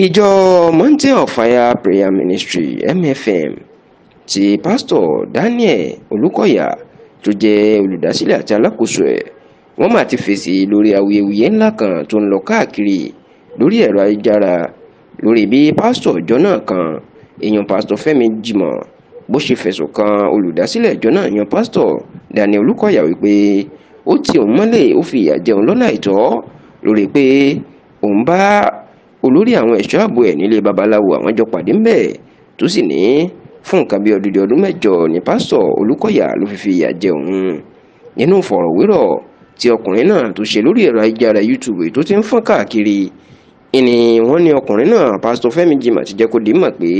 ìjọ mountain of fire prayer ministry mfm ti Pastor daniel olùkọ́yà tó jẹ́ olùdásílẹ̀ àti alákòóso ẹ̀ wọ́n mà ti fèsì lórí awuyewuye ńlá kan tó ń lọ káàkiri lórí ẹ̀rọ ayélujára lórí bí pásítọ̀ ìjọ náà kan èèyàn pásítọ̀ fẹ́mi jimoh bó ṣe fẹ̀sùn kan olùdásílẹ̀ ìjọ náà yan pásítọ̀ daniel olùkọ́yà wípé ó ti òun mọ́lẹ̀ ó fi ìyà jẹun lọ́nà àìtọ́ lórí pé òun bá olórí àwọn ẹ̀ṣọ́ ààbò ẹ̀ nílé babaláwo àwọn jọ pàdé ńbẹ̀ tó sì ní fún nǹkan bíi ọdún ọdún mẹ́jọ ní pásítọ̀ olùkọ́yà ló fi fi ìyà jẹ òun nínú ìfọ̀rọ̀wérọ̀ tí ọkùnrin náà tó ṣe lórí ẹ̀rọ ayélujára youtube tó ti ń fọ́n káàkiri ìní wọ́n ní ọkùnrin náà pásítọ̀ fẹ́mi jimá ti jẹ́ kó dé mọ̀ pé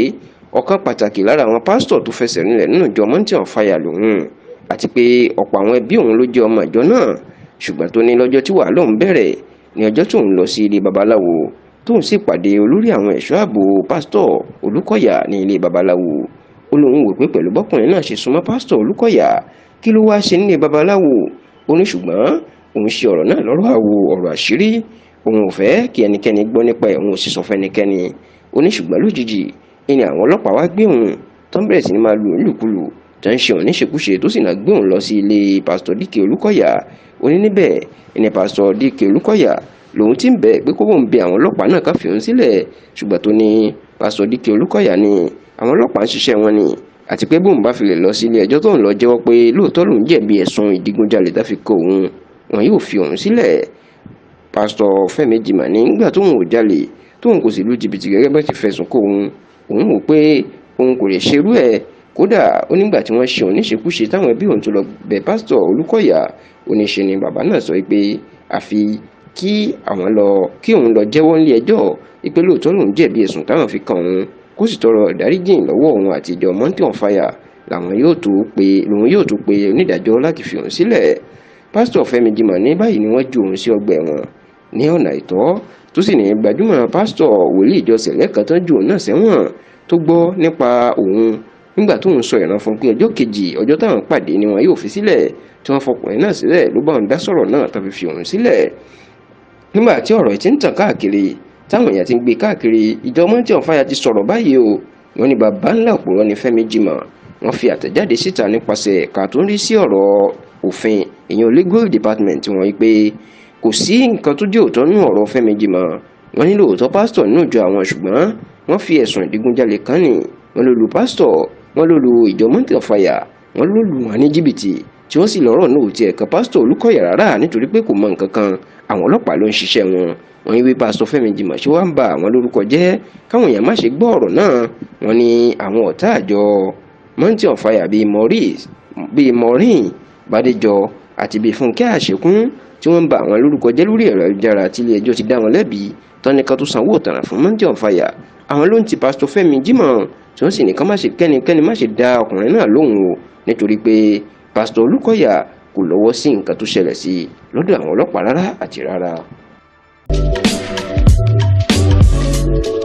ọ̀kan pàtàkì lára àwọn pásítọ̀ tó fẹsẹ̀ nílẹ̀ nínú ìjọ mountain of fire lòun àti pé ọ̀pọ̀ àwọn ẹbí òun ló jẹ́ ọmọ ìjọ náà ṣùgbọ́n tó ní lọ́jọ́ tí wàhálà òun bẹ̀rẹ̀ ní ọjọ́ tóun lọ sí ilé babaláwo tóun sì pàdé olórí àwọn ẹ̀ṣọ́ ààbò pásítọ̀ olùkọ́yà ní ilé babaláwo ó lóun wò pé pẹ̀lú bọ́kùnrin náà ṣe súnmọ́ pásítọ̀ olùkọ́yà kí ló wáá ṣe nílé babaláwo ó ní ṣùgbọ́n òun ṣe ọ̀rọ̀ náà lọ́rọ̀ àwo ọ̀rọ̀ àṣírí òun ò fẹ́ kí ẹnikẹ́ni gbọ́ nípa ẹ̀ òun fẹ́nikẹ́ni ó ní ṣùgbọ́n lójijì ni àwọn ọlọ́pàá wá gbé òun tó ń bẹ̀rẹ̀ sí ní máa lu òun lùkulù tó ń ṣe òun níṣekúṣe tó sì náà gbé òun lọ sí ilé pásítọ̀ díkè olùkọ́yà ó ní níbẹ̀ ni pásítọ̀ díkè olùkọ́yà lòun ti ń bẹ̀ pé kó bóun bẹ àwọn ọlọ́pàá náà ká fi òun sílẹ̀ ṣùgbọ́n tó ní pásọ díkẹ́ olúkọ̀yà ni àwọn ọlọ́pàá ń ṣiṣẹ́ wọn ni àti pé bóun bá fi lè lọ sílé ẹjọ́ tóun lọ jẹ́wọ́ pé lóòótọ́ lòun jẹ̀bi ẹ̀sùn ìdígunjalè tá fi kó òun wọn yóò fi òun sílẹ̀ pásọ Fẹ́mi Jìmà ní nígbà tóun ò jalè tóun kò sì lu jìbìtì gẹ́gẹ́ bá ti fẹ̀sùn kó òun òun wò pé òun kò lè ṣerú ẹ̀ kódà ó nígbà tí wọ́n ṣe òun níṣekúṣe táwọn ẹbí òun tó lọ bẹ̀ pásítọ̀ Olúkọ̀yà oníṣe ni bàbá náà sọ pé àfi kí àwọn lọ kí òun lọ jẹ́wọ́ nílé ẹjọ́ ìpè lóòótọ́ lòun jẹ̀bi ẹ̀sùn táwọn fi kàn òun kó sì tọrọ ìdáríjìn lọ́wọ́ òun àti ìjọ mountain on fire làwọn yóò tó pe lòun yóò tó pe onídàájọ́ láti fi òun sílẹ̀ pásítọ̀ Fẹ́mi Jimọ̀ní báyìí ni wọ́n ju òun sí ọgbà ẹ̀wọ̀n ní ọ̀nà ìtọ́ tó sì ní gbajúmọ̀ pásítọ̀ wòlíì ìjọ sẹ̀lẹ̀ kan tó ju òun náà sẹ́wọ̀n tó gbọ́ nípa òun nígbà tó ń sọ ìran fún pé ọjọ́ kejì ọjọ́ táwọn pàdé ni wọn yóò fi sílẹ̀ tí wọ́n fọkùnrin náà sílẹ̀ ló bá òun dá sọ̀rọ̀ náà tàbí fi òun sílẹ̀ nígbà tí ọ̀rọ̀ ti ń tàn káàkiri táwọn èèyàn ti ń gbé káàkiri ìjọ Monday on Fire ti sọ̀rọ̀ báyìí o wọ́n ní bàbá ńlá òpùrọ́ ni Fẹ́mi Jímọ̀ wọ́n fi àtẹ̀jáde síta nípasẹ̀ ẹ̀ka tó ń rí sí ọ̀rọ̀ òfin ìyẹn legal department wọn yìí pé kò sí nǹkan tó jẹ́ òótọ́ nínú ọ̀rọ̀ Fẹ́mi Jímọ̀ wọ́n ní lóòótọ́ pásítọ̀ nínú ìjọ àwọn ṣùgbọ́n wọ́n fi ẹ̀sùn ìdigunjalè kan nì wọ́n ló lu pásítọ̀ wọ́n ló lu ìjọ Monday on Fire wọ́n ló lù wọ́n ní jìbìtì tí wọ́n sì lọ́rọ̀ náà ò tiẹ̀ kan pásítọ̀ Olúkọ̀yà rárá nítorí pé kò mọ nǹkan kan àwọn ọlọ́pàá ló ń ṣiṣẹ́ wọn wọ́n ní wí pásítọ̀ Fẹ́mi Jìmọ̀ṣe wá ń ba àwọn lórúkọ jẹ́ káwọn èèyàn má ṣe gbọ́ ọ̀rọ̀ náà wọ́n ní àwọn ọ̀tá àjọ Mountain of Fire bíi Maurice bíi Maureen Bàdéjọ àti bíi Fúnkẹ́ Àṣekún tí wọ́n ń ba àwọn lórúkọ jẹ́ lórí ẹ̀rọ ayélujára tí ilé ẹjọ́ ti dá wọn lẹ́bi tọ́nìkan tó sanwó ọ̀tàrà fún Mountain of Fire àwọn ló ń ti pásítọ̀ Fẹ́mi Jìmọ̀ tí wọ́n sì ní kẹ́nikẹ́ni má ṣe dá ọkùnrin náà lóhùn o nítorí pé pásítọ̀ Olúkọ̀yà kò lọ́wọ́ sí nǹkan tó ṣẹlẹ̀ sí i lọ́dọ̀ àwọn ọlọ́pàá rárá àti rárá. thank you